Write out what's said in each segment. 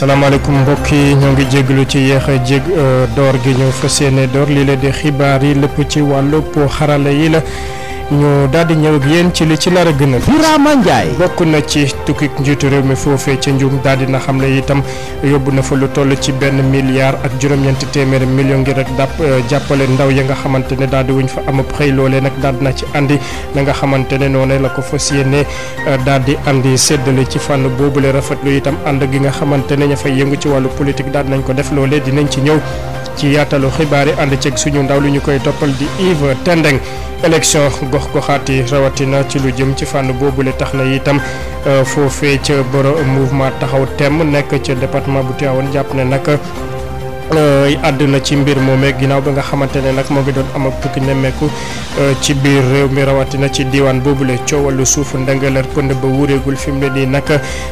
salaamaaleykum mbokk yi ñoo ngi jéglu ci yéex a jég euh, door gi ñu fas yéene door li la di xibaar yi lépp ci wàllu xarala yi la. ñu daal di ñëw yéen ci li ci lara gënal. Birama Ndiaye. bokk na ci tukki njiitu réew mi foofee ca Ndioum daal di na xam itam yóbbu na fa lu toll ci benn milliard ak juróom-ñeenti téeméeri million ngir rek dàpp euh, jàppale ndaw ya nga xamante ne daal di wuñ fa am xëy loolee nag daal di na ci andi na nga xamante ne noonu la ko fas yéene euh, daal di andi séddale ci fànn boobu boobule rafetlu itam ànd gi nga xamante ne ña fay yëngu ci wàllu politique daal nañ ko def loolee dinañ ci ñëw. ci yaatalu xibaar yi ànd ceeg suñu ndaw li ñu koy toppal di Yves Tendeng élection gox goxaat rawatina ci lu jëm ci fànn boobule tax na itam euh, foofee ca boro mouvement taxaw tem nekk ca département bu Tivaouane jàpp ne nag. àdduna ci mbir moomee ginnaaw bi nga xamante ne nag moo ngi doon am ak nemeeku euh, ci biir réew mi rawatina ci diwaan boobule coowalu suufu ndangalar pënd ba wuréegul fi mu ne nii nag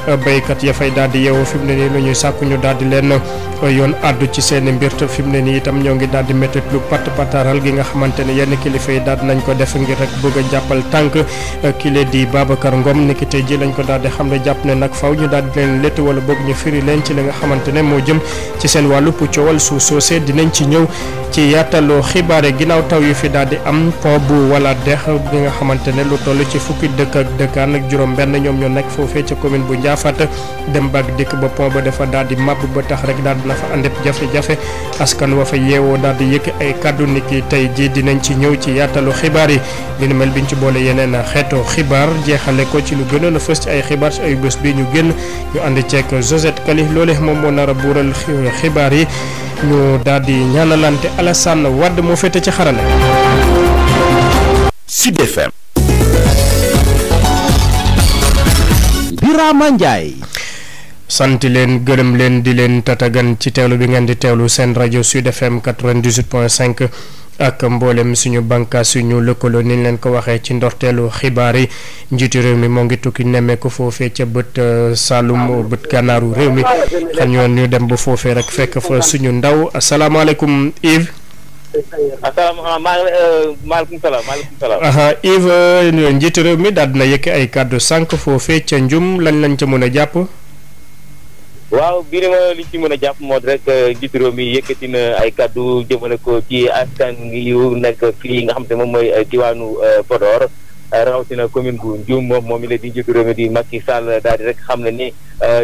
euh, baykat ya fay daal di yeewoo fi mu ne nii lu sàkku ñu daal di leen euh, yoon àddu ci seen mbir te fi mu ne nii itam ñoo ngi daal di métti lu pat pataral gi nga xamante ne yenn kilifa yi daal nañ ko def ngir rek bëgg jàppal tànk kile di Babacar Ngom niki tey ji lañ ko daal di xam ne jàpp ne nag faw ñu daal di leen létt wala boog ci li nga xamante ne moo jëm ci Joal su soosee dinañ ci ñëw ci yaatalu xibaare ginnaaw taw yu fi daal di am po bu wala dex bi nga xamante ne lu toll ci fukki dëkk dëkkaan ak juróom-benn ñoom ñoo nekk foofee ca commune bu Ndiaffate dem baag dëkk ba pont ba dafa daal di màbb ba tax rek daal dina fa ànd ak jafe-jafe askan wa yeewoo daal di yëkk ay kàddu nit yi tey jii dinañ ci ñëw ci yaatalu xibaar yi li nu mel ñu ci boole yeneen xeetoo xibaar jeexale ko ci lu gënoon a fës ci ay xibaar ay bés bi ñu génn ñu ànd ceeg Josette Kali moom moo nar a buural xibaar yi. ñu daal di ñaanalante Alassane Wade moo féete ci xarala. Sud FM. Birama Ndiaye. sant leen gërëm leen di leen tatagan ci teewlu bi ngeen di teewlu seen rajo Sud FM 98.5. ak mboolem suñu bànkaas ñu lëkkaloo ni leen ko waxee ci ndorteelu xibaar yi njiitu réew mi moo ngi tukki nemmeeku foofee ca bët euh, Saalum bët gànnaaru réew mi xam ñoon ñu dem ba foofee rek fekk fa suñu ndaw asalaamaaleykum Yves. Ah, euh, maaleykum salaam maaleykum salaam. Yves euh, njiitu réew mi daal dina yëkk ay kàddu sànq foofe ca njum lañ lañ ca mën a jàpp. waaw Birima li ci mën a jàpp moo rek euh, njiitu réew mi yëkkati na ay kàddu jëmale ko ci askan yu nekk fii nga xam te moom mooy euh, diwaanu euh, Podor rawatina commune bu Ndioum moom moom la di njiitu réew mi di Macky Sall daal di rek xam na ni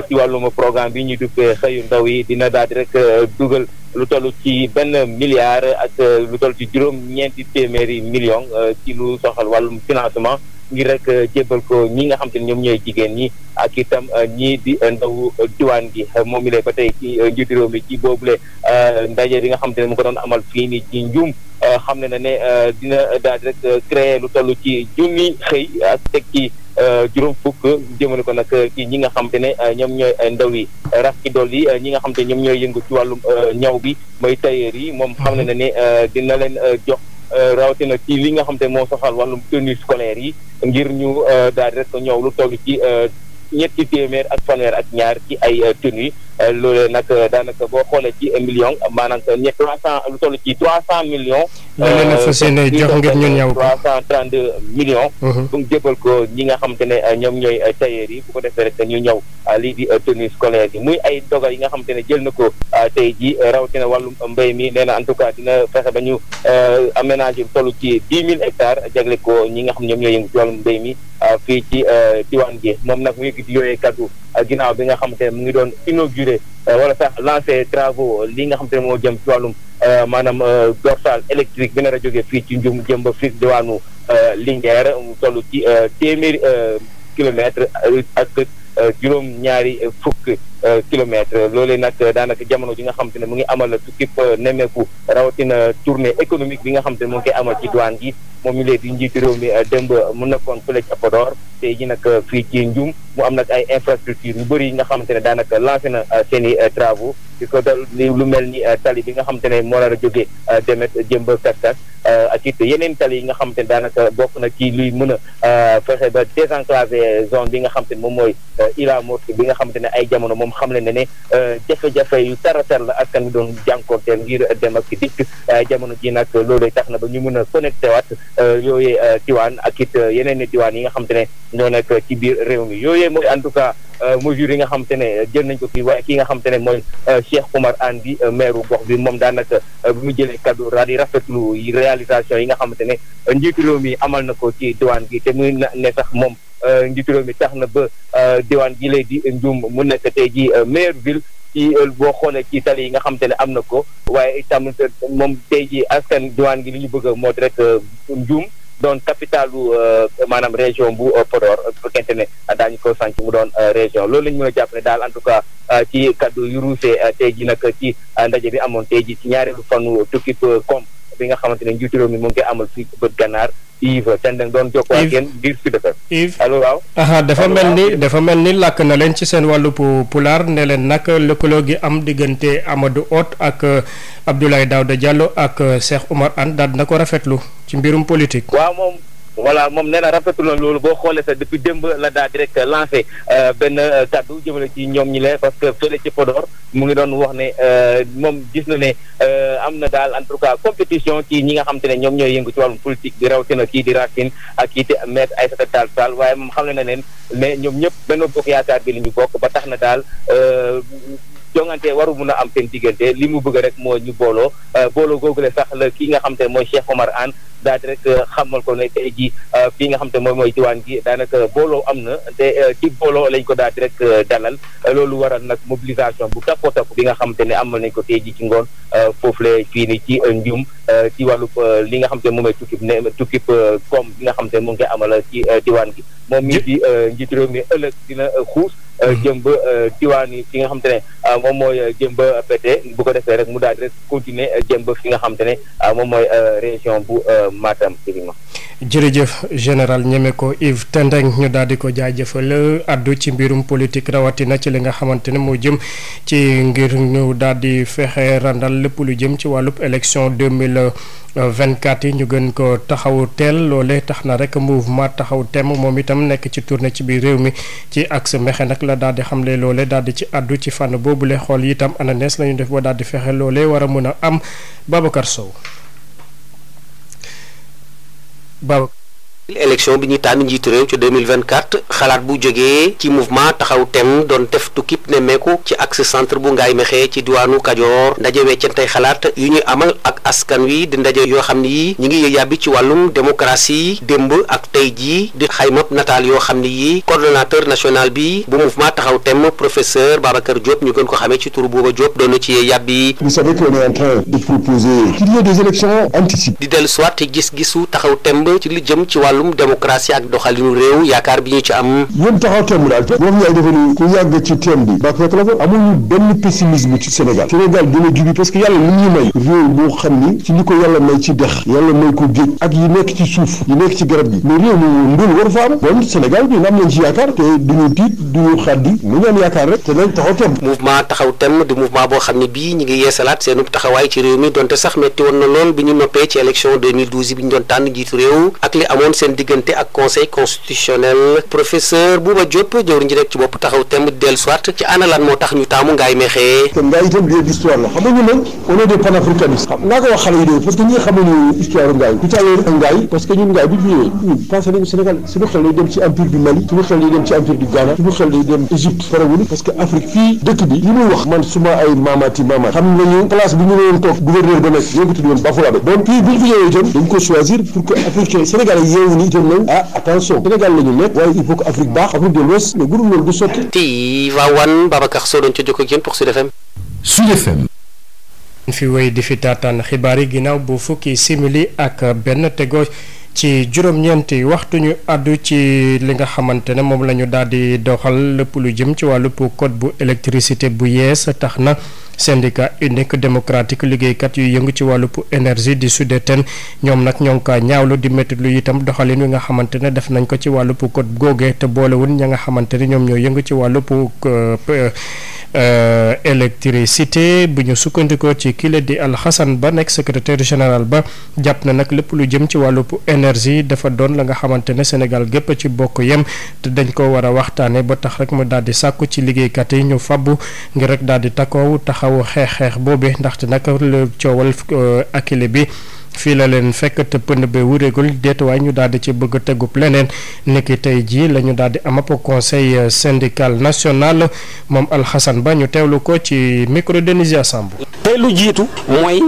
ci wàllum programme bi ñuy duppee xëyu ndaw yi dina daal di rek dugal lu toll ci benn milliard ak lu toll ci juróom-ñeenti téeméeri million ci lu soxal wàllum financement. ngir rek euh, jébbal ko ñi nga xam te ne ñoom ñooy jigéen ñi ak itam euh, ñii di euh, ndaw diwaan gi moom mi lay ba tey ci njiitu réew mi ci boobule ndaje bi nga xam te ko doon amal fii nii ci njuum xam ne na ne dina daal di rek créer lu toll ci junni xëy ak teg ci juróom fukk jëmale ko nag ci ñi nga xam ne ñoom ñooy ndaw yi rax ci dool yi ñi nga xam te ñoom ñooy yëngu ci wàllu ñaw bi mooy tailleur yi moom xam ne na ne dina leen jox Euh, rawatina ci li nga xam te moo soxal wàllum tenue scolaire yi ngir ñu euh, daal di rek ñëw lu toll ci euh, ñetti téeméer ak fanweer ak ñaar ci ay tenues Euh, loolee nag euh, daanaka boo xoolee ci million maanaam ñe trois cent lu toll ci trois cent millions. ko euh, millions. Mhm. bu ñu ko ñi nga xam te ne ñoom ñooy tailleur yi bu ko defee rek ñu ñëw lii di yi muy ay dogal yi nga xam te ne jël na ko tey jii rawatina wàllum mbéy mi nee na en tout cas dina fexe ba ñu aménager toll ci dix mille hectares jagle ko ñi nga xam ñoom ñooy yëngu ci mbay mi fii ci diwaan gi moom nag mu yëkkati yooyee kaddu ginnaaw bi nga xam inauguré euh, wala sax lancé travaux li nga xam te moo jëm ci wàllum euh, maanaam euh, dorsale électrique bi nar a jógee fii ci njum jëm ba fii diwaanu Linguère mu toll ci téeméeri kilomètre ak juróom ñaari fukk kilomètre loolee nag daanaka jamono ji nga xam ne mu ngi amal a tukki nemeeku rawatina tournée économique bi nga xam te ne mu ngi koy amal ci douane gi moom ñu lee di njiitu réew mi démb mu nekkoon fële tey ji nag uh, fii ci Ndioum mu am nag ay infrastructure yu bëri yi nga xamante ne daanaka lancé na uh, seen i uh, travaux ci ko lu mel ni tali bi nga xamante ne moo nar a jógee demet jëm ba Kaskas ak it yeneen tali yi nga xamante ne daanaka bokk na ci luy mën a fexe ba désenclaver zone bi nga xamante ne moom mooy Ila Moussa bi nga xamante ne ay jamono moom xam le ne ne jafe-jafe yu tara tar la askan bi doon jànkoorteel ngir dem ak dikk jamono ji nag loolee tax na ba ñu mën a connecté waat yooyee diwaan ak it yeneen diwaan yi nga xamante ne ñoo nekk ci biir réew mi yooyee mooy en tout cas euh, mesures yi nga xam te ne jël nañ ko fii waaye ki nga xam ne mooy euh, Cheikh Oumar Anne bi euh, maire gox bi moom daanaka bu mu jëlee kaddu daal di rafetlu réalisation yi nga xam ne njiitu réew mi amal na ko ci diwaan gi te muy ne sax moom njiitu réew mi tax na ba diwaan gi lay di Ndioum mu nekk te ji maire ville ci boo xoolee ci tali yi nga xam ne am na ko waaye itam moom te ji askan diwaan gi li ñu bëgg moo rek Ndioum doon capitalu euh, maanaam région bu euh, Podor euh, bu fekkente ne daañu ko sànc mu doon région loolu la ñu mën a jàpp ne daal en tout cas ci kaddu yu ruusee tey ji nag ci ndaje bi amoon tey ji ci ñaareelu fanu tukkib koom bi nga xamante ne njiitu réew mi mu ngi koy amal fii ci bët gànnaar Yves doon jokkoo ak yéen biir Sud FM Yves allo waaw aha dafa mel ni dafa mel ni làkk na leen ci seen wàllu pulaar ne leen nag lëkkaloo gi am diggante Amadou Hott ak Abdoulaye Daouda Diallo ak Cheikh Oumar Anne daal na ko rafetlu ci mbirum politique. waaw moom voilà moom nee na rafetlu loolu boo xoolee sa depuis démb la daal di rek lancé euh, benn euh, kàddu jëmale ci ñoom ñi leen parce que fële ci Podor mu ngi doon wax ne euh, moom gis na ne am na daal en tout cas compétition ci ñi nga xam te ne ñoom ñooy yëngu ci wàllum politique di rawatina kii di Racine ak kii di maître waaye moom xam na ne leen ñoom ñëpp benn bokk yaakaar bi li ñu bokk ba tax na daal. jongante waru mun a am seen diggante li mu bëgg rek moo ñu booloo euh, booloo googule sax la ki nga xam te mooy Cheikh Omar Anne daa di rek euh, xamal ko ne tey fi euh, nga xam te mooy mooy diwaan gi daanaka booloo am na te ci booloo lañ ko daal rek dalal loolu waral nag mobilisation bu takko takku bi nga xam te ne amal nañ ko tey jii ci ngoon foofule fii ni ci Ndioum ci wàllu li nga xam te moom mooy tukkib ne tukkib koom bi nga xam te mu ngi amal ci diwaan gi moom mii di njiit réew mi ëllëg dina xuus Euh, jëm ba euh, diwaan yi fi nga xam te ne euh, moom mooy jëm ba Pété bu ko defee rek mu daal di rek continuer jëm ba fi nga xam te ne moom mooy région bu Matam Birima jërëjëf général ñeme ko Yves Tendeng ñu daal di ko jaajëfal addu ci mbirum politique rawatina ci li nga xamante ne moo jëm ci ngir ñu daal di fexe randal lépp lu jëm ci wàllu mille élection 2024 yi ñu gën ko taxaw teel loole tax na rek mouvement taxaw tem moom itam nekk ci tournée ci biir réew mi ci axe mexe nag la daal di xamle loole daal di ci addu ci fànn boobule xool itam ananees la ñu def ba daal di fexe loole war a mën a am Babacar Sow Babacar. élection bi ñuy tànn njiit réew ci 2024 xalaat bu jógee ci mouvement taxaw tem doon def tukki nemmeeku ci axe centre bu ngaay mexee ci diwaanu kajoor ndaje weccantey xalaat yu ñuy amal ak askan wi di ndaje yoo xam ne yi ñu ngi yàbbi ci wàllum démocratie démb ak tey ji di xay xayma nataal yoo xam ne yi coordonnateur national bi bu mouvement taxaw temm professeur Babacar Diop ñu gën ko xamee ci turu Bouba Diop doon ci yee yàbbi. vous savez qu'on est en train de proposer qu'il y ait des élections anticipées. di dellu soit gis-gisu taxaw temb ci li jëm ci wàllum démocratie ak doxalinu réew yaakaar bi ñu ci am. yéen taxaw temb daal ba fekk la fa amuñu benn pessimisme ci Sénégal Sénégal dina jubi parce que yàlla li ñu may réew boo xam ni ci li ko yàlla may ci dex yàlla may ko géej ak yi nekk ci suuf yi nekk ci garab gi mais réew mi ndóol war fa am bon Sénégal bi am nañ ci yaakaar te duñu tiit mu ñu rek te nañ taxaw tem mouvement taxaw tem di mouvement boo xam ne bii ñi ngi yeesalaat seenu taxawaay ci réew mi donte sax metti woon na lool bi ñu noppee ci élection 2012 bi ñu doon tànn njiitu réew ak li amoon seen diggante ak conseil constitutionnel professeur Bouba Diop jëwriñ ji nekk ci bopp taxaw tem dellu soit ci ana moo tax ñu taamu ngaay mexee te ngaay itam lieu d'histoire la xam nga ñun on est des panafricanistes xam naa ko wax xale yi de parce que ñi ngaay ku caayee ngaay bu ñëwee ñun parce que Afrique fii dëkk bi li muy wax man suma ay maamaati maamaat xam nañu place bi ñu ne toog gouverneur ba nekk yëngatu woon Bafoulamé donc fii bu ñu fi ñëwee itam dañ ko choisir pour que africain Sénégal yeewu ni itam nañ ah attention Sénégal la nekk waaye il man Babacar Sow doon ca jokk ak yéen pour Sud FM. Sud FM. fi wéy di fi taataan xibaar yi ginnaaw bu fukki simili ak benn tegoo. ci juróom-ñeenti waxtu ñu àddu ci li nga xamante ne moom la ñu daal di doxal lëpp lu jëm ci wàllu code bu électricité bu yees a tax na syndicat unique démocratique liggéeykat yu yëngu ci wàllu énergie di Sudeten ñoom nag ñoo ngi ko ñaawlu di métti itam doxalin wi nga xamante ne def nañ ko ci wàllu code googe te boolewul ña nga xamante ne ñoom ñoo yëngu ci wàllu euh, Euh, électricité bu ñu sukkandikoo ci kile di Alxasan ba nekk secrétaire général ba jàpp na nag lépp lu jëm ci wàllub énergie dafa doon la nga xamante ne Sénégal gépp ci bokk yem te dañ ko war a waxtaane ba tax rek mu daal di sàkku ci liggéeykat yi ñu fabbu ngir rek daal di takkoow taxawu xeex xeex boobe ndaxte nag lu coowal euh, akile bi fii la leen fekk te pënd be wuréegul ñu daal di ci bëgg tegub leneen niki tey jii la ñu daal conseil euh, syndical national moom Alxasan Ba ñu teewlu ko ci micro Denisia Samb. tey lu jiitu mooy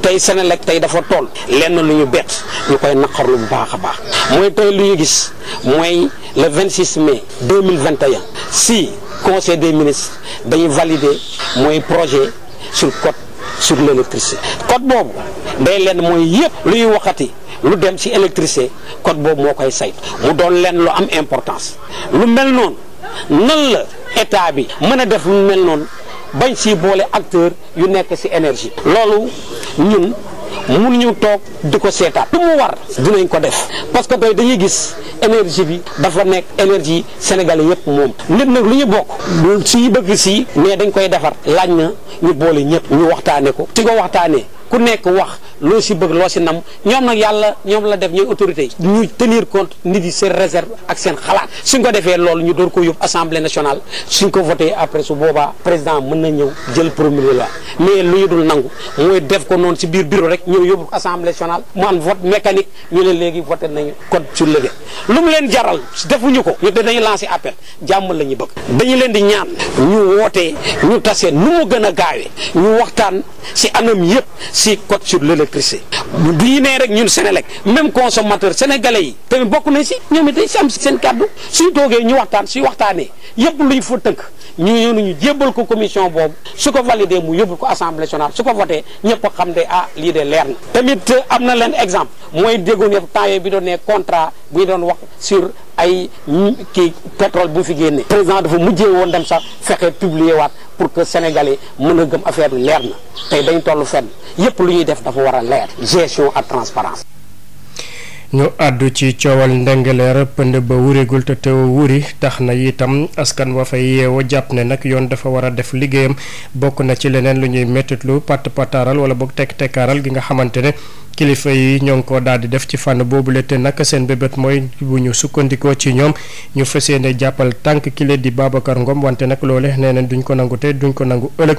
tey Senelec tey dafa toll lenn lu ñu bett ñu koy naqarlu bu baax a baax mooy tey lu ñu gis mooy le 26 mai 2021 si conseil des ministres dañuy valider mooy projet sur code. sur l' électricité code boobu day lenn mooy yëpp luy waxati lu dem ci électricité code boobu moo koy sayt mu doon lenn lu am importance lu mel noonu nan la état bi mën a def lu mel noonu bañ si boole acteur yu nekk ci énergie loolu ñun mënuñu toog di ko seetaat lu mu war dinañ ko def parce que tey dañuy gis énergie bi dafa nekk énergie sénégalais yëpp moom nit nag lu ñu bokk si bëgg si mais dañ koy defar laaj na ñu boole ñëpp ñu waxtaane ko ci ko waxtaanee ku nekk wax loo si bëgg loo si nam ñoom nag yàlla ñoom la def ñooy autorité yi ñu tenir compte nit yi seen réserve ak seen xalaat suñ ko defee loolu ñu door ko yóbbu assemblée nationale suñ ko voté après su boobaa président mën na ñëw jël promulguer la mais lu nangu mooy def ko noonu si biir bureau rek ñëw yóbbu assemblée nationale mu am vote mécanique ñu ne léegi voté nañu code sur le lu mu leen jaral defuñu ko ñu dañuy lancer appel jàmm la ñu bëgg dañu leen di ñaan ñu wootee ñu tasee nu mu gën a gaawee ñu waxtaan si anam yëpp si code sur l'électricité bu ñu nee rek ñun Sénélec même consommateur sénégalais yi tamit bokk nañ si ñoom it day si am seen kàddu suñ toogee ñu waxtaan suy waxtaanee yëpp luñ fa tënk ñu nu ñu jébbal ko commission boobu su ko validé mu yóbbul ko assemblée nationale su ko voté ñëpp xam ne a ah lii de leer na. tamit am na leen exemple mooy déggoon yëpp temps bi doon ne contrat buy doon wax sur ay kii pétrole bu fi génnee. président dafa mujjee woon dem sax fexe publier waat pour que sénégalais mën a gëm affaire leer na tey dañ toll fenn yëpp lu ñuy def dafa war a leer gestion ak transparence ñu àddu ci coowal ndengaleer pënd ba wurigul te te wuri tax na itam askan wa fa yeewo jàpp ne nag yoon dafa war a def liggéeyam bokk na ci leneen lu ñuy mettitlu patt pataaral wala boog tekk tekkaaral gi nga xamante ne kilifa yi ñoo ko daal di def ci fànn boobu boobule te nag seen bébét mooy bu ñu sukkandikoo ci ñoom ñu fas yéene jàppal tànk kile di Babacar Ngom wante nag loole nee na duñ ko nangu te duñ ko nangu ëllëg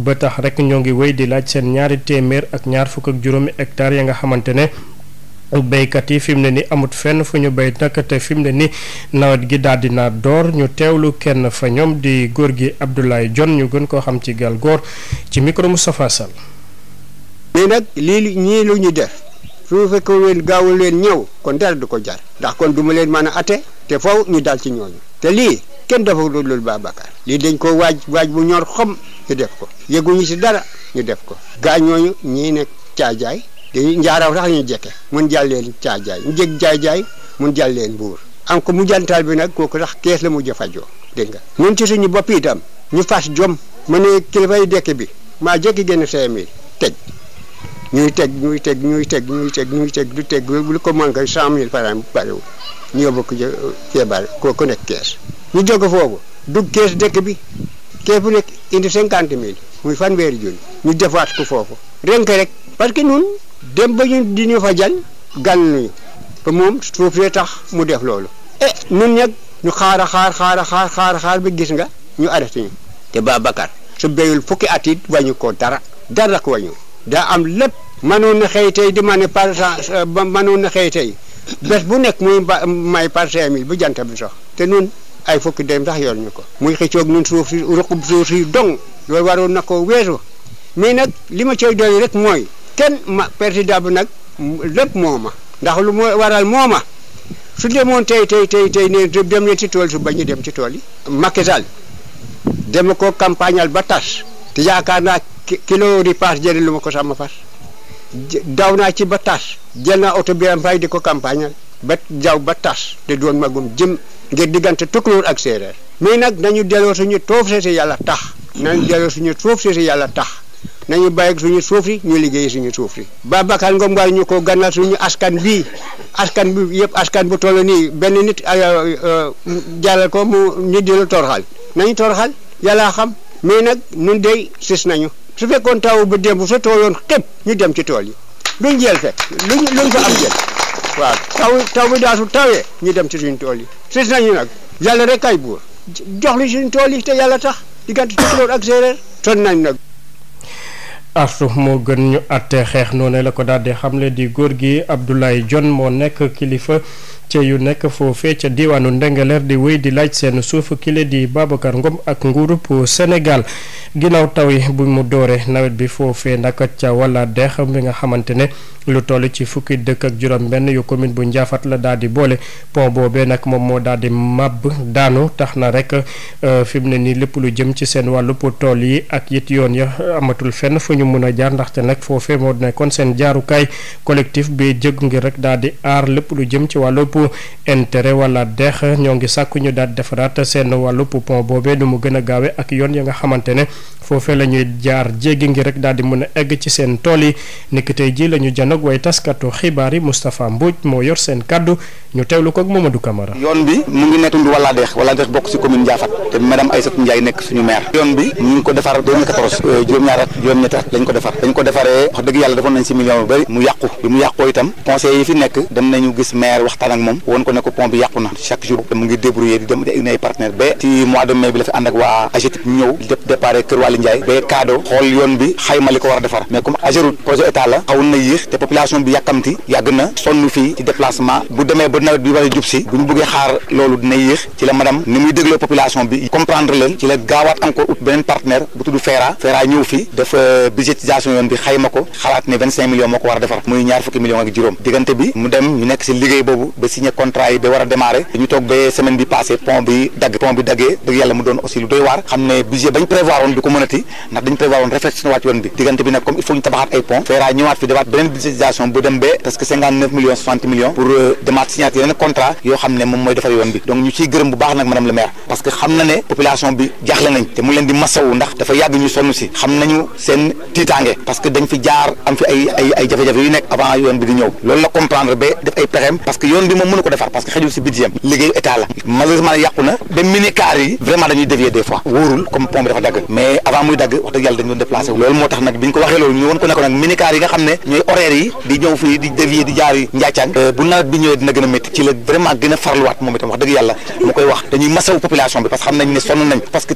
ba tax rek ñoo ngi wéy di laaj seen ñaari téeméer ak ñaar fukk juróomi hectare ya nga xamante ne béykat yi fi mu ne ni amut fenn fu ñu béy nag te fi mu ne ni nawet gi daal dina door ñu teew lu kenn fa ñoom di góor gi Abdoulaye Dione ñu gën koo xam ci gal góor ci micro Moustapha Sall mais nag lii ñii lu ñu def su fekkee leen gaawul leen ñëw kon dara du ko jar ndax kon du ma leen mën a ate te faw ñu dal ci ñooñu te lii kenn dafa loolu Babacar lii dañ ko waaj waaj bu ñor xom ñu def ko yëguñu ci dara ñu def ko gaa ñooñu ñii nekk caajaay te njaaraw sax la ñuy jekke mun jàlleen caajaay mu jég jaay-jaay mun jàlleen mbuur am ko mu jantal bi nag kooku sax kees la mujj a fajoo dégg nga ñun ci suñu bopp itam ñu fas jom ma ne kilifay dëkk bi maa jékki genn cinq mille teg ñuy teg ñuy teg ñuy teg ñuy teg ñuy teg du teg lu ko mën ko cent mille francs bariwul ñu yóbbu ko cee bari ko ku nekk kees ñu jóg foofu dëkk bi kees bu nekk indi cinquante mille muy fanweeri junni ñu defaat ko foofu renk rek parce que ñun dem ba ñun di ñu fa jan gànnuñu te moom suuf yee tax mu def loolu. eh ñun nag ñu xaara xaar xaar xaar xaar xaar ba gis nga ñu arrêté ñu te Babacar su béyul fukki at it wàññi ko dara dara ko wañu daa am lépp. mënoon na xëy tey di ma ne par ba mënoon na xëy tey bés bu nekk muy may par cinq mille bu jant bi sax te nun ay fukki dem sax yor ñu ko. muy xëccoog ñun suuf si ruqub suuf si dong loolu waroon na ko weesu mais nag li ma cay doy rek mooy. kenn ma président bi nag lépp mooma ndax lu moo waral mooma su demoon tey tey tey tey ne dem leen ci tool su bañ a dem ci tool yi. Macky Sall dama ko campagnal ba tas te yaakaar naa kilo ripaas jëri lu ma ko sama fas daw naa ci ba tas jël naa oto bi am fay di ko campagnal ba jaw ba tas te doon magum jëm ngir diggante tukulóor ak séeréer mais nag nañu delloo ñu toof seesi yàlla tax nañu delloo suñu toof seesi yàlla tax nañu bàyyi suñu suuf yi ñu liggéey suñu suuf yi Babacar Ngom war ñu ko gannal suñu askan bii askan bi yëpp askan bu toll nii benn nit jàllal ko mu ñu di la torxal nañu torxal yàllaa xam mais nag nun dey sis nañu su fekkoon taw ba démb sa tooloon xëpp ñu dem ci tool yi luñ jël fekk luñ luñ am jël waaw taw taw bi daa su tawee ñu dem ci suñu tool yi sis nañu nag yàlla rek kay buur jox li suñu tool yi te yàlla tax diggante tukulóor ak séeréer sonn nañ nag artu moo gën ñu àtte xeex noone la ko daal di xamle di góor gi Abdoulaye jon moo nekk kilifa. ca yu nekk foofee ca diwaanu Ndengeleer di wéy di laaj seen suuf kile di Babacar Ngom ak nguurub Sénégal ginnaaw taw yi bu mu doore nawet bi foofee nag ca wala dex mi nga xamante ne lu toll ci fukki dëkk ak juróom-benn yu commune bu Ndiaffate la daal di boole pont boobee nag moom moo daal di màbb daanu tax na rek euh, fi mu ne nii lépp lu jëm ci seen wàllu tool yi ak it yoon ya amatul fenn fu ñu mun a jaar ndaxte nag foofee moo kon seen jaarukaay collectif bi jëg ngir rek daal di aar lépp lu jëm ci wàllu wàllup intérêt wala dex ñoo ngi sàkku ñu daal defaraat seen wàllup pont boobee nu mu gën a ak yoon ya nga xamante ne foofee la ñuy jaar jéggi ngi rek daal di mën a egg ci seen tool yi niki tey ji la ñu janoog way taskatu xibaar yi Moustapha Mbodj moo yor seen kaddu ñu teewlu ko ak Mamadou Camara. yoon bi mu ngi nettundu wala dex wala dex bokk ci commune Ndiaffate te madame Aïssatou Ndiaye nekk suñu maire. yoon bi ñu ngi ko defar 2014 euh, juróom-ñaar at juróom-ñetti at lañ ko defar dañ ko defaree wax dëgg yàlla moom woon ko ne ko bi yàqu na chaque jour mu ngi débrouiller di dem di indi ay partenaire ci mois de mai bi la fi ànd ak waa AGETIP ñëw dép Kër Waly Ndiaye ba xool yoon bi xayma li ko war a defar mais comme AGEROUTE projet état bi yàkkamti yàgg na sonn fii ci déplacement bu demee ba nawet bi war a bu ñu bëggee xaar loolu dina yéex ci la madame ni muy dégloo population bi comprendre leen ci la gaawaat encore ut beneen partenaire bu tudd FERA signé contrat yi ba war a démarrer ñu toog ba semaine bi passé pont bi dagg pont bi daggee dëgg yàlla mu doon aussi lu doy waar xam ne budget bañ prévoir woon du ko mënati ndax dañ prévoir woon réflexion waat yoon bi diggante bi nag comme il faut ñu tabaxaat ay pont feeraa ñëwaat fi defaat beneen budgétisation bu dem ba presque cinquante neuf millions soixante millions pour euh, demaat signaat yeneen contrat yoo xam ne moom mooy defar yoon bi donc ñu ciy gërëm bu baax moom mënu ko defar parce que xëjul si budget liggéeyu état la malheureusement ne yàqu dañuy dévier des fois comme pont dafa dagg mais avant muy dagg wax yàlla dañ doon loolu moo tax nag bi ñu ko waxee loolu ñu woon ko nekk nag yi nga xam ne ñooy horaire yi di ñëw fii di dévier di jaar yi euh, bu nawet bi ñëwee dina gën a ci la vraiment gën a farluwaat moom itam wax dëgg yàlla mu koy wax dañuy masawu population bi parce que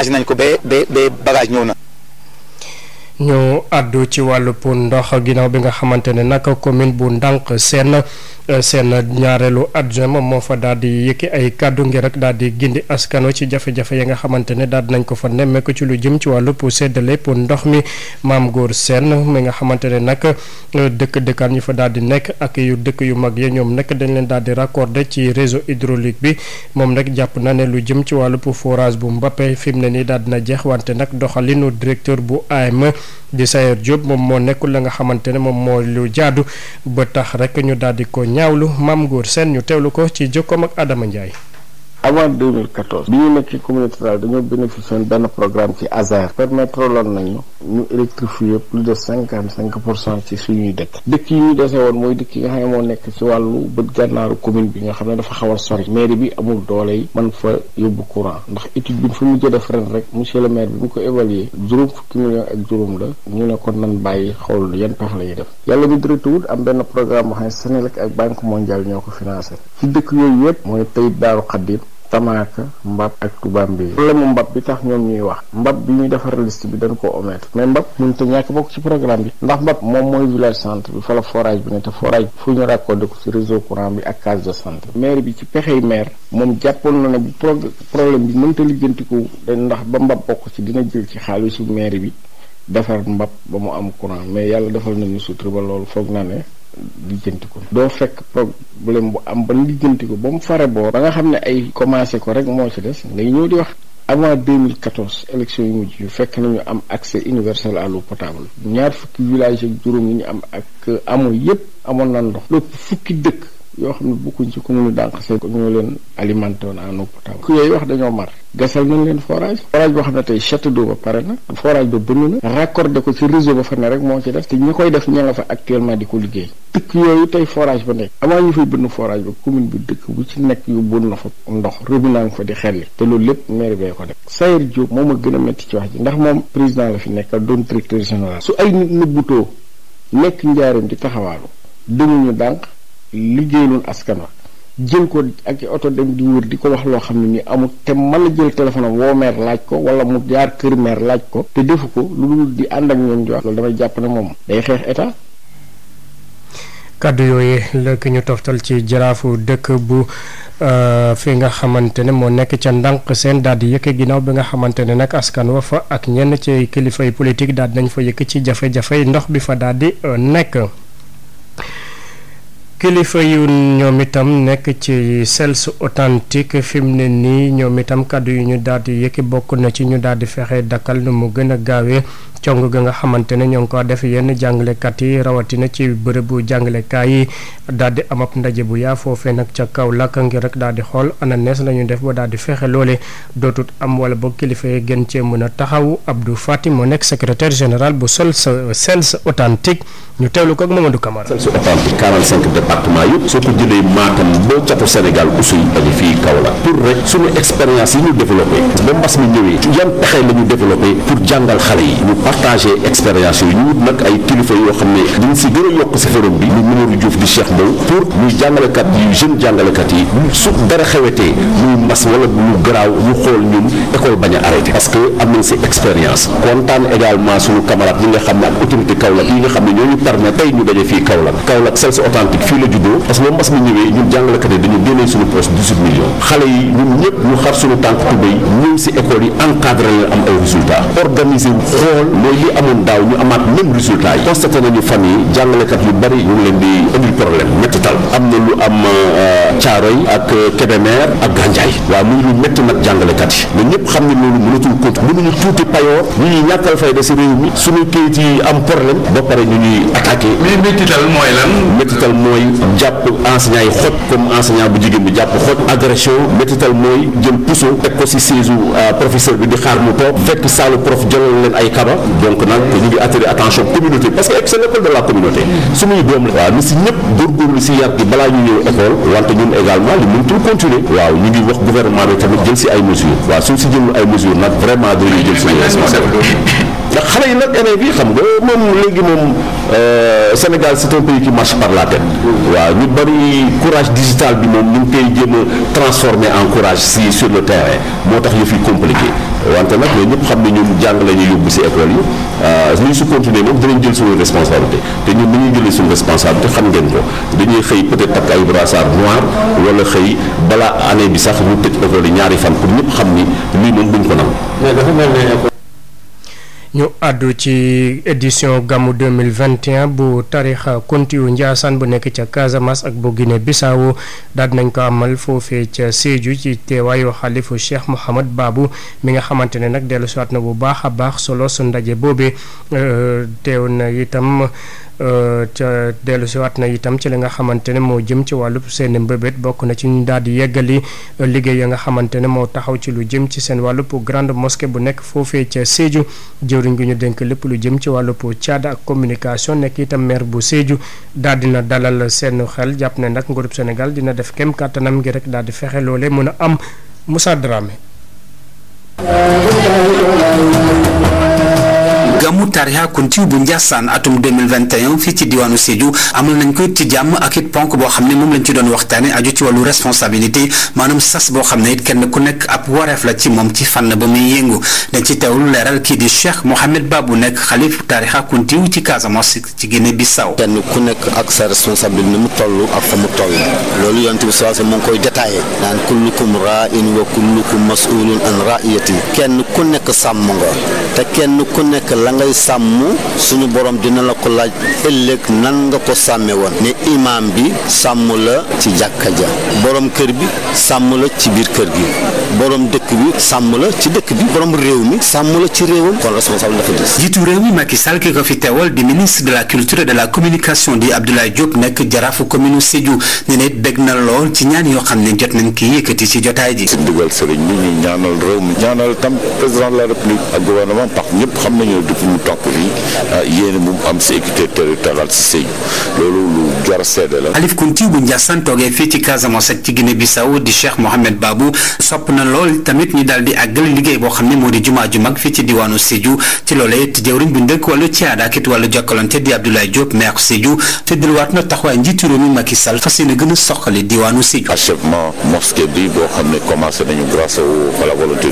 aménagé nañ ko ba ba ba bagage ñëw na ñu àddu ci wàllu pour ndox ginnaaw bi nga xamante ne nag commune bu ndànk seen euh, seen ñaareelu adjoint moom moo fa daal di yëkki ay kàddu ngir rek daal di gindi askano ci jafe-jafe yi nga xamante ne daal dinañ ko fa nemmeeku ci lu jëm ci wàllu pour séddale pour ndox mi maam góor seen mi nga xamante ne nag euh, dëkk dëkkaan ñu fa daal di nekk ak yu dëkk yu mag ya ñoom nag dañ leen daal di raccordé ci réseau hydraulique bi moom nag jàpp na ne lu jëm ci wàllu pour forage bu Mbappé fi mu ne nii daal dina jeex wante nag doxalinu directeur bu AM di Sayer Diop moom moo nekkul la nga xamante ne moom mooy lu jaadu ba tax rek ñu daal di ko ñaawlu maam Ngor seen ñu teewlu ko ci jokkoom ak aadama Ndiaye. avant 2014 bi ñu nekkee communauté rurale dañoo bénéficié benn programme ci ASER permettre loon nañu ñu électrifier plus de cinquante cinq pour cent ci suñuy dëkk dëkk yi ñu dese woon mooy dëkk yi nga xam moo nekk ci wàllu bët gànnaaru commune bi nga xam ne dafa xaw a sori mairie bi amul doole yi mën fa yóbbu courant ndax étude bi fu mu jëlee ren rek monsieur le maire bi mu ko évaluer juróom fukki million ak juróom la ñu ne ko nan bàyyi xool yan pexe la def yàlla bi directeur am benn programme boo xam ne ak banque mondiale ñoo ko financé dëkk yooyu yëpp mooy tey Daaru Xaddim Tamaaka Mbab ak Tubambe bi mu Mbab bi tax ñoom ñuy wax Mbab bi ñuy defar liste bi dañ ko omettre mais Mbab mun a ñàkk bokk ci programme bi ndax Mbab moom mooy village centre bi fa la forage bi ne te forage fu ñu raccordé ko ci réseau courant bi ak case de santé maire bi ci pexey maire moom jàppoon na ne bu problème bi mënut a lijjantiku ndax ba Mbab bokk ci dina jël ci xaalisu maire bi defar Mbab ba mu am courant mais yàlla defal nañu sutura ba loolu foog na ne. lijjanti ko doo fekk problème bu am ban lijjanti ko ba mu fare boo ba nga xam ne ay commencé ko rek moo ci des ngay ñëw di wax avant 2014 élection yu mujj yu fekk nañu am accès universel à l'eau potable ñaar fukki village ak juróom yi ñu am ak amoon yépp amoon na ndox lépp fukki dëkk yoo xam ne bokkuñ ci commune dànq seen ko ñoo leen alimenté woon en eau potable ku yooyu wax dañoo mar gasal nañ leen forage forage boo xam ne tey château d'eau ba pare na forage ba bënn na raccordé ko ci réseau ba fa ne rek moo ci def te ñi koy def ña nga fa actuellement di ko liggéey dëkk yooyu tey forage ba nekk avant ñu fay bënn forage ba commune bi dëkk bu ci nekk yu bon na fa ndox robinet nga fa di xelli te loolu lépp maire bee ko def Sayer Diop moom a gën a métti ci wax ji ndax moom président la fi nekkal doon directeur général su ay nit nëbbutoo nekk njaareem di liggéeyloon askan wa jël ko ak i oto dem di wër di ko wax loo xam ne ni amul te mën na jël téléphone woo meer laaj ko wala mu jaar kër meer laaj ko te defu ko lu dul di ànd ak ñoom di wax damay jàpp ne moom day xeex état. kàddu yooyu la ki ñu toftal ci jaraafu dëkk bu euh, fi nga xamante ne moo nekk ca ndànk seen daal di yëkk ginnaaw bi nga xamante ne nag askan wa fa ak ñenn ci kilifay politique dal di nañ fa yëkk ci jafe-jafe ndox bi fa daal di euh, nekk. kilifa yu ñoom itam nekk ci selsu authentique fi mu ne nii ñoom itam kàddu yu ñu daal di yëkki bokk na ci ñu daal di fexe dakkal nu mu gën a gaawee cong ga nga xamante ne ñoo ngi ko def yenn jàngalekat yi rawatina ci bu jàngalekaay yi daal di am ndaje bu yaa foofee nag ca kaw Kaolack ngir rek daal di xool ana nees ñu def ba daal di fexe loole dootut am wala ba kilifa yi gën cee mën a taxaw du Fatim moo nekk secrétaire général bu sol sa Sels Authentique ñu teewlu ko ak Mamadou Camara. Sels Authentique 45 département yëpp soo ko jëlee Matam boo capp Sénégal usuy dañu fii Kaolack pour rek suñu expérience yi ñu développé ba mbas mi ñëwee yan pexe la jàngal xale partagé expérience yooyu ñu wut nag ay kilifa yoo xam ne dañ si gën a yokk si forum bi mu Mamadou Diouf di Cheikh Mbow pour muy jàngalekat yu jeune jàngalekat yi su dara xewetee muy mbas ñu xool ñun a arrêté parce que am nañ si expérience kontaan également suñu camarade yi nga xam ne ak autorité Kaolack yi nga xam ne ñoo ñu permettre tey ñu daje fii Kaolack Kaolack sel si authentique fii la juddoo parce que ba mbas mi ñëwee ñun jàngalekat yi dañu génnee suñu poste 18 millions xale yi ñun ñëpp ñu xar suñu tànk tubéy ñëw si école yi encadré am ay résultats organiser xool mooy li amul daaw ñu amaat même résultat yi constaté nañu fan yi jàngalekat yu bari ñu ngi leen di indil problème métti am na lu am Caaroy euh, ak euh, Kébémer ak Gànjaay waaw muy lu métti nag jàngalekat yi mais ñëpp xam ne loolu mënatul compte mënuñu tuuti payoor ñu ñuy ñàkkal fayda si réew mi suñu kayit yi am problème ba pare ñu ñuy attaqué mais métti tal mooy lan métti tal jàpp enseignant yi xoj comme enseignant bu jigéen bi jàpp xoj agression métti tal mooy jël puso teg ko si euh, bi di xaar mu toog fekk saalu prof jëlal leen ay kaba donc nag ñu ngi attirer attention communauté parce que c'est l'école de la communauté suñuy doom la waaw ni si ñëpp góorgóorlu si yàgg balaa ñu ñëw école wante ñun également li mënutul continuer waaw ñu ngi wax gouvernement bi tamit jël si ay mesures waaw suñ si jëlul ay mesures nag vraiment dañuy jël suñu responsabilité ndax xale yi nag élèves yi xam nga moom léegi moom euh, Sénégal c'est un pays qui marche par la tête waaw ñu bari courage digital bi moom ñu ngi koy jéem a transformer en courage si sur le terrain moo tax yëf yi compliqué wante nag ñun ñëpp xam ne ñun jàng la yóbbu si école yi euh, li su continuer moom dinañ jël suñu responsabilité te ñun ni ñuy jëlee suñu responsabilité xam ngeen ko dañuy xëy peut takk ay brassard noir wala xëy balaa année bi sax ñu tëj école yi ñaari fan pour ñëpp xam ni lii moom duñ ko nangu. ñu àddu ci édition gàmmu 2021 bu tarixa kontiyu Njaasaan bu nekk ca Casamance ak bu Guinée Bissau daal nañ ko amal foofee ca Sédhiou ci teewaayu xalifu Cheikh Mouhamad baabu mi nga xamante ne nag dellu siwaat na bu baax a baax solo su ndaje boobee euh, teew na itam euh, ca dellu siwaat na itam ci li nga xamante ne moo jëm ci wàllu seen mbëbët bokk na ci ñu daal di yeggali euh, liggéey ya nga xamante ne moo taxaw ci lu jëm ci seen wàllu grande mosquée bu nekk foofee ca Sédhiou jëwriñ gi ñu lépp lu jëm ci wàllu caada ak communication nekk itam maire bu Sédhiou daal na dalal seen xel jàpp ne nag nguurub Sénégal dina def kem kàttanam ngi rek daal di fexe loole mën a am Moussa Dramé gàmmu tarixa kuntiw bu njaasaan atum fii ci diwaanu Sédhiou amal nañ ko ci jàmm ak it ponk boo xam ne moom lañ ci doon waxtaane aju ci wàllu responsabilité maanaam sas boo xam ne kenn ku nekk ab la ci moom ci fànn ba muy yëngu dañ ci teewlu leeral kii di Cheikh Mohamed Babou nekk xalif tarixa kuntiw ci Casamance ci Guinée Bissau kenn ku nekk ak sa responsabilité ni mu toll ak mu toll loolu yonent bi saas mu ngi koy détaillé naan kullukum ra'in wa kullukum mas'ulun an ra'iyati kenn ku nekk sàmm nga te kenn ku nekk la ngay sàmm suñu borom dina la ko laaj ëllëg nan nga ko sàmme woon ne imaam bi sàmm la ci jàkka ja borom kër bi sàmm la ci biir kër gi borom dëkk bi sàmm la ci dëkk bi borom réew mi sàmm la ci réewam kon responsable dafa des. jiitu réew mi Macky Sall ki ko fi teewal di ministre de la culture de la communication di Abdoulaye Diop nekk jaraafu commune Sédhiou ne ne dégg na lool ci ñaan yoo xam ne jot nañ ki yëkkati ci jotaay ji. si digal sëriñ bi tam président de la république xam nañu ne suñu topp fi ah, yéen mu am si équité territoriale si sëñ loolu lu jar la. Alif Kounti bu Ndiassane toogee fii ci Casamance ak ci Guinée Bissau di Cheikh Mohamed Babou sopp na lool tamit ñi daal di àggal liggéey boo xam ne moo di jumaa ju mag fii ci diwaanu Sédhiou ci loolee it jëwriñ bu ndëkk wàllu ci aada ak it wàllu jokkalante di Abdoulaye Diop maire Sédhiou fëddaliwaat na taxawaay njiitu réew mi Macky Sall fas yéene gën a soqali diwaanu Sédhiou. achèvement mosquée bi boo xam ne commencé nañu grâce à la volonté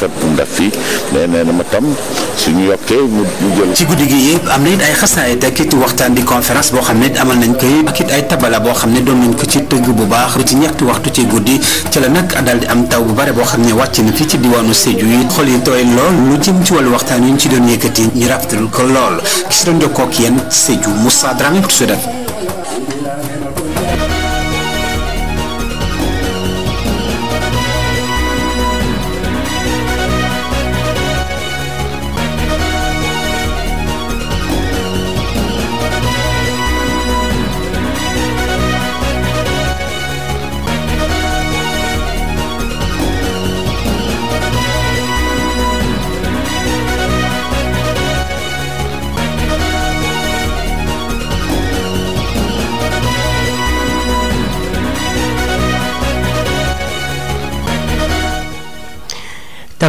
rafet bu mu def fii mais nee na ma tam suñu yokkee mu jël. ci guddi gi yëpp am na it ay xasaayid ak it waxtaan di conférence boo xam ne amal nañ ko ak it ay tabala boo xam ne doon nañ ko ci tëgg bu baax ci ñetti waxtu ci guddi ci la nag daal di am taw bu bare boo xam ne wàcc na fii ci diwaanu Sédhiou yi xool yi tooy lool lu jëm ci wàllu waxtaan yu ñu ci doon yëkkati ñu rafetlu ko lool gis nañ ko ak yéen Sédhiou Moussa Dramé Sud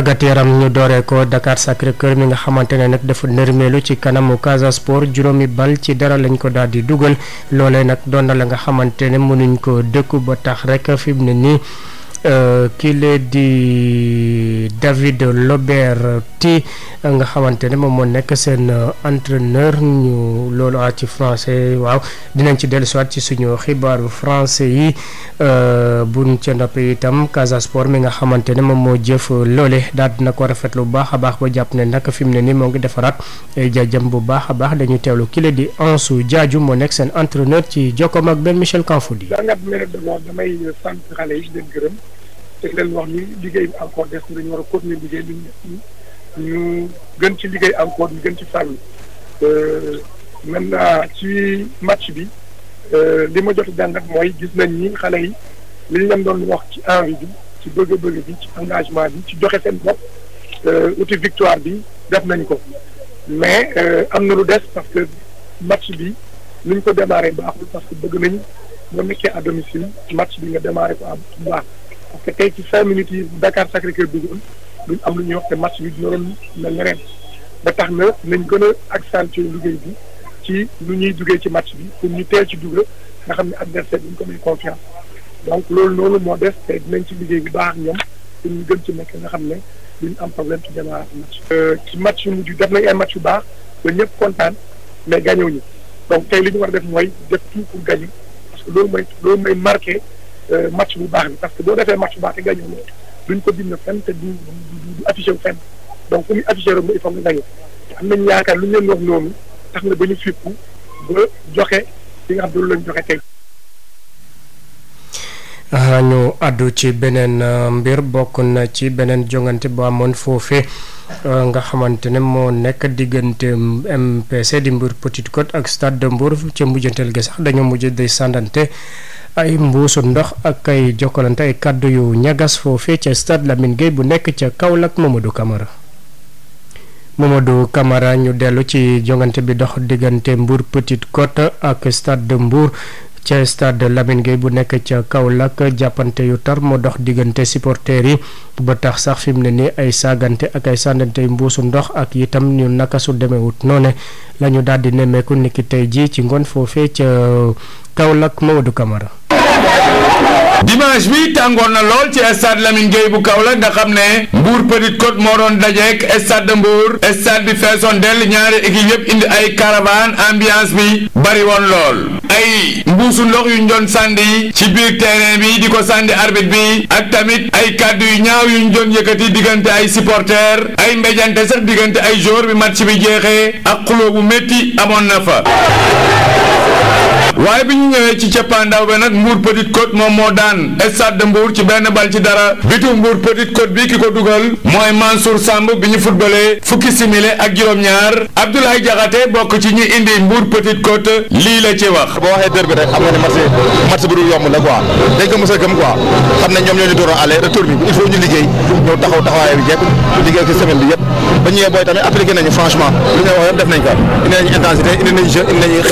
tàggat yaram ñu dooree ko Dakar Sacré Cœur mi nga xamante ne nag dafa nërmeelu ci kanamu Casa Sport juróomi bal ci dara lañ ko daal di dugal loolee nag doon na la nga xamante ne mënuñ ko dëkku ba tax rek fi mu nii. Euh, kii lee di David Liberty nga xamante ne moom moo nekk seen euh, entraîneur ñu loolu at ah, ci français waaw dinañ ci dellusiwaat ci suñu xibaaru français yi euh, buñ ca noppee itam Casa Sport mi nga xamante ne moom moo jëf loole daal dina ko rafet lu baax a baax ba jàpp ne nag fi mu ne nii moo ngi defaraat jaajëm bu baax a baax dañuy teewlu kii lee di Ansu Jaaju moo nekk seen entraîneur ci jokkoom ak benn Michel Kanfoudi. di te leen leen wax ni liggéey bi encore des na dañu war a continuer liggéey bi gën ci liggéey encore gën ci sànni euh, maintenant ci match bi euh, li ma jot jàngat mooy gis nañ ni xale yi li ñu doon wax ci envie bi ci bëgg-bëgg bi bi ci joxe seen bopp outil euh, bi def nañ ko mais am na lu des parce que match bi ni ñu ko démarré baaxul parce que bëgg nañ boo nekkee à domicile bi nga démarré ko am bu te tey ci cinq minutes yi bu Dakar Sacré-Cœur duggoon duñ am lu ñuy wax te match bi dina doon mel ne tax na nañ gën a accentuer liggéey bi ci lu ñuy duggee ci match bi pour ñu teel ci dugg nga xam ne adversaire bi ñu ko may confiance donc loolu noonu moo des te dinañ ci liggéey bu baax ñoom pour gën ci nekk nga xam ne duñ am problème ci démarrage match. Euh, ci match yu mujj def nañ ay match yu baax ba ñëpp kontaan mais gagné wu donc tey li ñu war a def mooy def tout pour gagner parce que loolu mooy loolu mooy marqué. Euh, match bu baax bi parce que boo defee match bu baax te gagné ko bind fenn te du du affiché wu donc fu muy affiché rek il faut nga ah, ci beneen euh, mbir bokk na ci beneen jongante bu amoon foofe euh, nga xamante ne moo nekk diggante MPC di mbir Petite Côte ak Stade de Mbour ca mujjanteel ga sax dañoo mujj day sàndante ay mbuusu ndox ak ay jokkalante ay kàddu yu ñagas foofee ca stade Lamine bu nekk ca Kaolack Mamadou Camara Mamadou Camara ñu dellu ci jongante bi dox diggante Mbour Petite Côte ak stade mbuur ca stade Lamine bu nekk ca Kaolack jàppante yu tar moo dox diggante supporters yi ba tax sax fi mu ne nii ay saagante ak ay sànnante mbuusu ndox ak itam ñu nakasu demewut noone la ñu daal di nemmeeku niki tey jii ci ngoon foofee ca Kaolack Mamadou kamara dimanche bi tàngoon na lool ci stade Lamine Gueye bu Kaolack nga xam ne Mbour Petite Côte moo doon dajeek stade de Mbour stade bi feesoon dell ñaari équipe yëpp indi ay caravane ambiance bi bariwoon lool ay mbuusu ndox yu ñu doon sànni ci biir terrain bi di ko sànni arbitre bi ak tamit ay kàddu yu ñaaw yu ñu doon yëkkati diggante ay supporters ay mbéjante sax diggante ay joueurs bi match bi jeexee ak xuloo bu métti amoon na fa waaye bi ñu ñëwee ci cappaandaw be nag Mbour Petite Côte moom moo daan stade de Mbour ci benn bal ci dara bitu Mbour Petite Côte bi ki ko dugal mooy Mansour Samb bi ñu footballé fukki simile ak juróom-ñaar Abdoulaye Diakhaté bokk ci ñi indi Mbour Petite Côte lii la ci wax. boo waxee derby rek xam nga ne match bu dul yomb la quoi dañ ko mos a gëm quoi xam ne ñoom ñoo ñu door aller retour bi il faut ñu liggéey ñëw taxaw taxawaay bi jekk liggéey ko semaine bi yëpp ba ñëwee booy tamit appliqué nañu franchement li nga wax yëpp def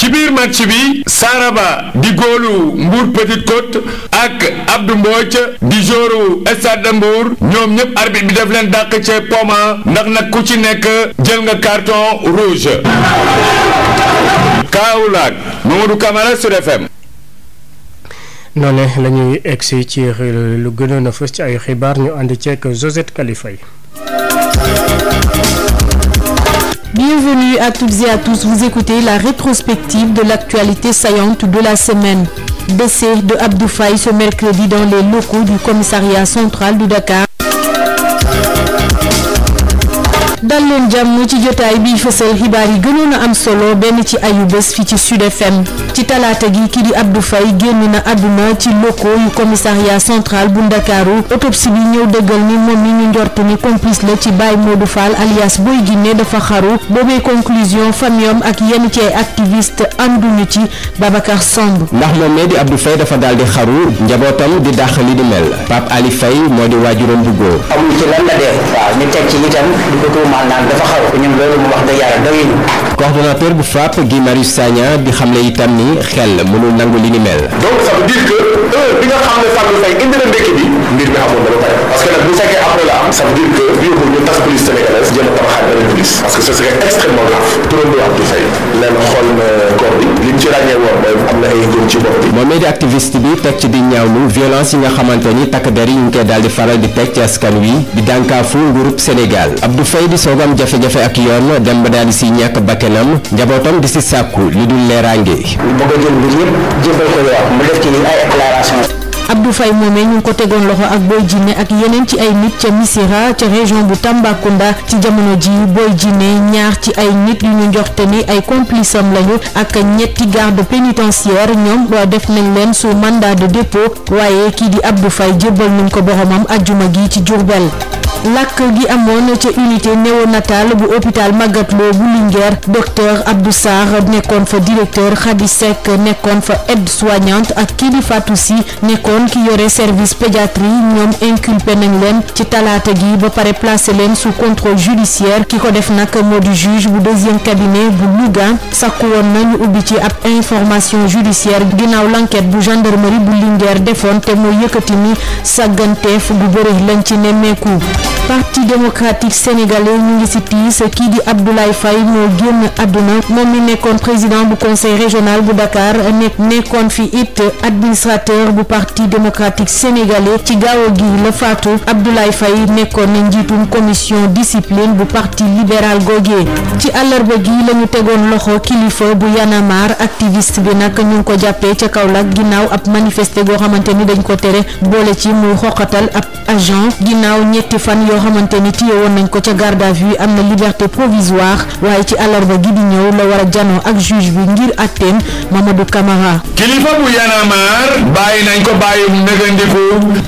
ci biir match bi Saraba di góolu Mbour Petite Côte ak Abdou Mbodj di jooru Stade de Mbour ñoom ñëpp arbitre bi def leen dàq ci poma ndax nag ku ci nekk jël nga carton rouge Kaolack Mamadou Camara Sud FM noonu la ñuy egsi ci lu gënoon fës ci ay xibaar ñu ànd ceeg Josette yi Bienvenue à toutes et à tous. Vous écoutez la rétrospective de l'actualité saillante de la semaine. Décès de ce mercredi dans les locaux du commissariat central de Dakar. dal leen jàmm ci jotaay biy fësal xibaar yi gënoon a am solo benn ci ayu bés fi ci Sud FM ci talaata gi kii di Abdou Faye génn na àdduna ci locaux yu commissariat central bu Ndakaaru autopsie bi ñëw dëggal ni moom mi ñu njort ni complice la ci Baye Modou Fall alias Boy Guinée dafa xaru boobee conclusion famiyom ak yenn ci ay activiste ànduñu ci Babacar Samb ndax moom ne di Abdou Faye dafa daal di xaru njabootam di dàq li di mel Pape Ali Faye moo di waajuram bu góor tuumaal naan dafa xaw ñun loolu mu wax dëgg yàlla doyul coordonnateur bu FAP Guy Marius Sagna di xam le itam ni xel mënul nangu li ni mel donc ça veut dire que heure bi nga xam ne Fallou Faye indi na ndekki bi mbir bi amoon na ba pare parce que nag bu fekkee après la am ça veut dire que bii ko ñu tas police sénégalaise jël a tabaxaat beneen police parce que ce serait extrêmement grave turandoo Abdou Faye leen xool na corps bi liñ ci ràññee woon mooy am na ay góor ci bopp bi moom di activiste bi teg ci di ñaawlu violence yi nga xamante ni takk der yi ñu koy daal di faral di teg ci askan wi di dànkaafu nguurub Sénégal Abdou Faye soog am jafe-jafe ak yoon dem ba daal di si ñàkk bakkanam njabootam di si sàkku li dul leeraange. bëgg a jël mbir yëpp jébbal ko yoon mu def ci ay déclaration. Abdou Faye moomee ñu ko tegoon loxo ak Boy Djiné ak yeneen ci ay nit ca Missira ca région bu Tambacounda ci jamono ji Boy Djiné ñaar ci ay nit yu ñu njoxte ni ay complice am lañu ak ñetti garde pénitentiaire ñoom def nañ leen sous mandat de dépôt waaye kii di Abdou Faye jébbal nañ ko boromam ajjuma gi ci Diourbel làkk gi amoon ca unité néonatale bu hôpital Magatte Lô bu Linguère docteur Abdou Sarr nekkoon fa directeur Khady Seck nekkoon fa aide soignante ak kii woon ki yore service pédiatrie ñoom inculpé nañ leen ci talaata gi ba pare placé leen su contrôle judiciaire ki ko def nag moo di juge bu deuxième cabinet bu Louga sàkku woon nañu ubbi ci ab information judiciaire ginnaaw l'enquête bu gendarmerie bu Linguère defoon te moo yëkkati ni sàgganteef gu bëri lañ ci nemmeeku. parti démocratique sénégalais ñu ngi si tiis kii di Abdoulaye Faye moo génn àdduna moom mi nekkoon président bu conseil régional bu Dakar nekkoon fi it administrateur bu parti démocratique sénégalais ci gaaw gi la faatu Abdoulaye Faye nekkoon na njiitum commission discipline bu parti libéral googee ci àllarba gi la ñu tegoon loxo kilifa bu yanamar activiste bi nag ñu ngi ko jàppee ca kaw Kaolack ginnaaw ab manifester goo xamante ni dañ ko tere boole ci muy xoqatal xamante ni ko ca garde na liberté provisoire waaye ci àllarba gi di ñëw la a janoo ak juge bi ngir àtteem Mamadou Camara. kilifa bu yanamar bàyyi nañ ko bàyyi nëgëndiku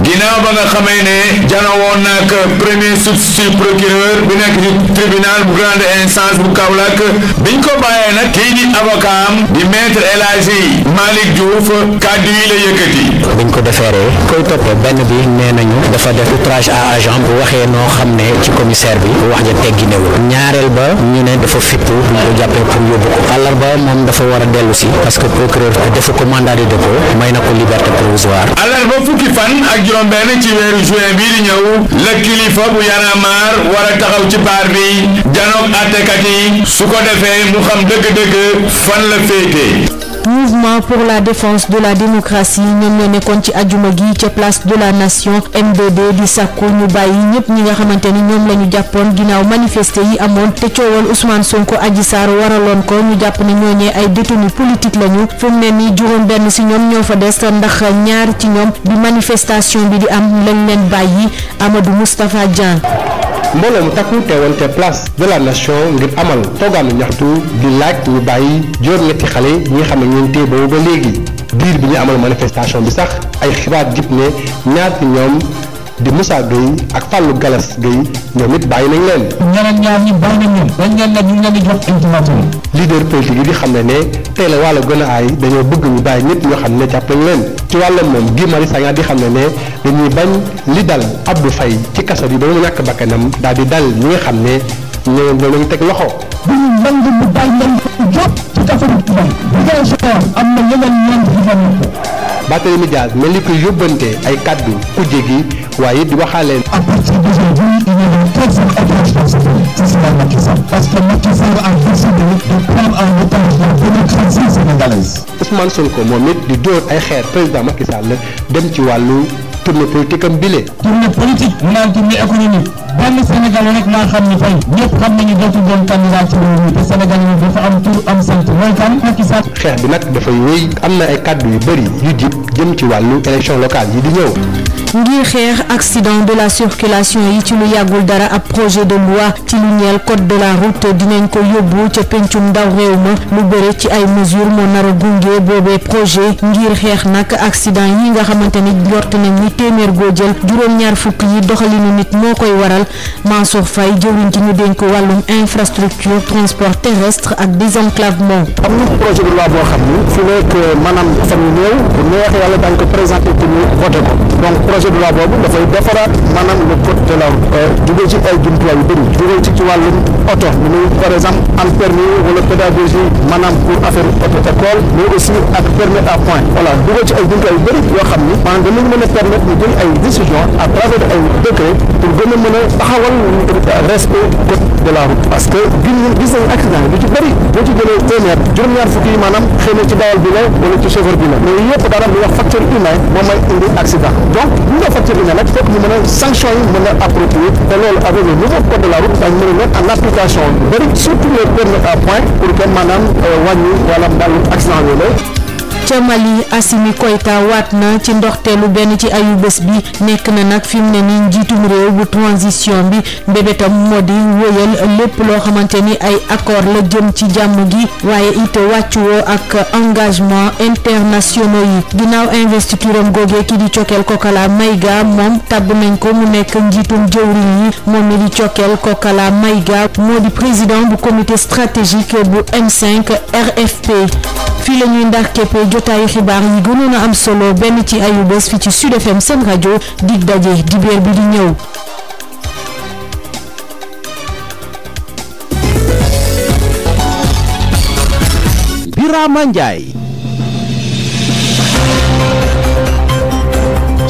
ginnaaw ba nga xamee ne janoo woon nag premier substitut procureur bi nekk ci tribunal bu grande instance bu Kaolack biñ ko bàyyee nag kii di avocat am di maître El Hadji Malick Diouf kàddu yi la yëkkati. biñ ko defaree koy toppee benn bi nee nañu dafa def outrage à agent bu waxee. noo xam ne ci commissaire bi wax ja teggi newul ñaareel ba ñu ne dafa fippu bu ñu ko jàppee pour yóbbu ko àllarba moom dafa war a dellu si parce que procureur defu ko mandat de dépôt may na ko liberté provisoire. àllarba fukki fan ak juróom-benn ci weeru juin bii ñëw la kilifa bu yanamaar war a taxaw ci baar bi janoog àttekat yi su ko defee mu xam dëgg-dëgg fan la féete. mouvement pour la défense de la démocratie ñoom ñoo nekkoon ci ajuma gi ca place de la nation MDD di sàkku ñu bàyyi ñëpp ñi nga xamante ni ñoom la ñu jàppoon ginnaaw manifester yi amoon te coowal Ousmane Sonko Adji Sarr waraloon ko ñu jàpp ne ñooñee ay détenus politique lañu fu mu ne nii juróom benn si ñoom ñoo fa des ndax ñaar ci ñoom bi manifestation bi di am lañ leen bàyyi Amadou Moustapha Dieng. mbooloo mu takku teewoon te place de la nation ngir amal toogaanu ñaxtu di laaj ñu bàyyi juróom-ñetti xale yi nga xam ne ñoom téye boobu ba léegi diir bi ñu amal manifestation bi sax ay xibaat jib ne ñaar ci ñoom. di Moussa Gueye ak Fallou Galas Gueye ñoom it bàyyi nañ leen. ñeneen ñaar ñi bàyyi nañ leen. dañ leen nag ñu ngi leen di jox ultimatum. leader politique yi di xam ne ne teel a wàll gën aay dañoo bëgg ñu bàyyi ñëpp ñoo xam ne jàpp nañ leen ci wàllum moom Guy Marius Sagna di xam ne ne dañuy bañ li dal Abdou fay ci kaso bi ba mu ñàkk bakkanam daal di dal ñu nga xam ne ñoom ñoo leen teg loxo. bu ñu nangu mu bàyyi leen jot ci kaso bi tubaab am na yeneen ñeent yu fa nekk. Barthélémy ay kàddu gi waaye di waxaale. à partir d'aujourd'hui il y a une très forte attaque dans ce pays c'est ça Macky Sall parce que Macky Sall a décidé de prendre en otage la démocratie sénégalaise. Ousmane Sonko moom it di dóor ay xeer président Macky Sall dem ci wàllu tournée politique am bile. tournée politique mu naan tournée économique benn Sénégal rek laa xam ne fay ñëpp xam nañu dootul doon candidat ci réew mi te Sénégal yi dafa am tur am sant mooy kan Macky Sall. xeex bi nag dafay wéy am na ay kàddu yu bëri yu jib jëm ci wàllu élection locale yi di ñëw. ngir xeex accident de la circulation yi ci lu yàggul dara ab projet de loi ci lu ñeel code de la route dinañ ko yóbbu ca pencum ndaw réew ma lu bëre ci ay mesures moo nar a gunge boobee projet ngir xeex nag accident ñi nga xamante ni njort nañ ni téeméer goo jël juróom-ñaar fukk yi doxalinu nit moo koy waral Mansour Faye jëwriñ ci ñu dénk wàllum infrastructure transport terrestre ak désenclavement. am na projet de loi boo xam ni fi projet de loi boobu dafay defaraat le code de la route euh, jugee ci ay jumtuwaay bëri jugee ci ci wàllum par exemple am permis wala pédagogie maanaam pour affaire auto mais aussi ak permis à point voilà jugee ci ay jumtuwaay bëri yoo xam ni maanaam danañ mën a permettre ñu jël ay décision à travers ay décret pour gën a respect code de la parce que gis nañ gis nañ accident lu ci bëri boo ci jëlee téeméer juróom maanaam xëy na ci dawal bi la wala ci chauffeur bi la mais yëpp daanaka lu wax facteur humain moom mooy indi accident donc bu ñu facteur humain nag fekk ñu mën a sanction yi mën a approprié te loolu de la route dañ mën en application yu bëri surtout les permis à point pour que maanaam euh, wàññi wala mbalu accident yooyu ca Mali Assimi Koïta waat na ci ndoxteelu benn ci ayu bés bi nekk na nag fi mu ne ni njiitum réew bu transition bi mbébétam moo di wëyal lépp loo xamante ni ay accord la jëm ci jàmm gi waaye it wàccuwoo ak engagement internationaux yi ginnaaw investiture am googee ki di Cokel Kokala moom tabb nañ ko mu nekk njiitum jëwriñ yi moom mi di Cokel Kokala moo di président bu comité stratégique bu m RFP fii la ñuy ndax képp jotaayu xibaar yi gënoon am solo benn ci ayu bés fi ci Sud FM seen rajo dig daje dibéer bi di ñëw.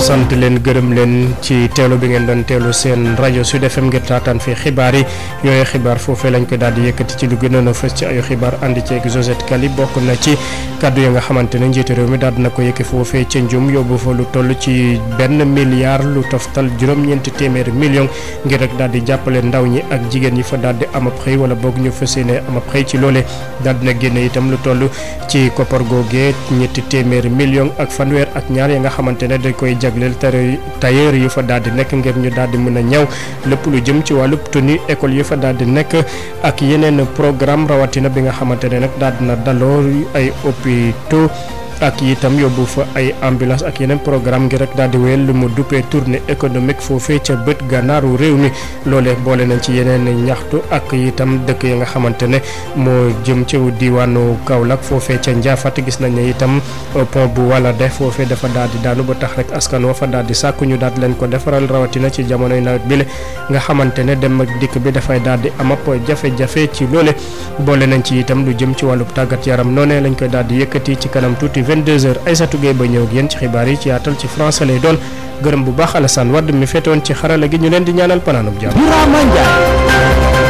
sant leen gërëm leen ci teelu bi ngeen doon teelu seen rajo Sud FM ngir taataan fi xibaar yi yooyu xibaar foofee lañ ko daal di yëkkati ci lu gënoon a fës ci ayu xibaar àndi ceeg Josette Kali bokk na ci mi daal na ko yëkki foofee ca Njum lu toll ci benn milliard lu toftal juróom-ñeenti téeméer million ngir rek daal jàppale ndaw ñi ak jigéen ñi fa daal di am ab xëy wala boog ñu fas yéene am ab xëy ci loole daal dina génne itam lu toll ci koppar googee ñetti téeméer ak fanweer ak ñaar jagleel tailleur yi fa daal di nekk ngir ñu daal di mën a ñaw lépp lu jëm ci wàllu tenue école yi fa daal di nekk ak yeneen programme rawatina bi nga xamante ne nag daal dina daloo ay hôpitaux ak itam yóbbu fa ay ambulance ak yeneen programme ngi rek daal di wéyal lu mu duppee tournée économique foofee ca bët gànnaaru réew mi loolee boole nañ ci yeneen ñaxtu ak itam dëkk yi nga xamante ne moo jëm ci diwaanu Kaolack foofee ca Ndiafat gis nañ ne itam pont bu wala def foofee dafa daal di daanu ba tax rek askan wa fa daal di ñu daal di leen ko defaral rawatina ci jamonoy nawet bi nga xamante ne dem ak dikk bi dafay daal di am ab jafe-jafe ci loole boole nañ ci itam lu jëm ci wàllu tàggat yaram 22h Aïssatou Gueye ba ñëw ak yéen ci xibaar yi ci yaatal ci français lay doon gërëm bu baax Alassane Wade mi féetoon ci xarala gi ñu leen di ñaanal panaanub jàmm.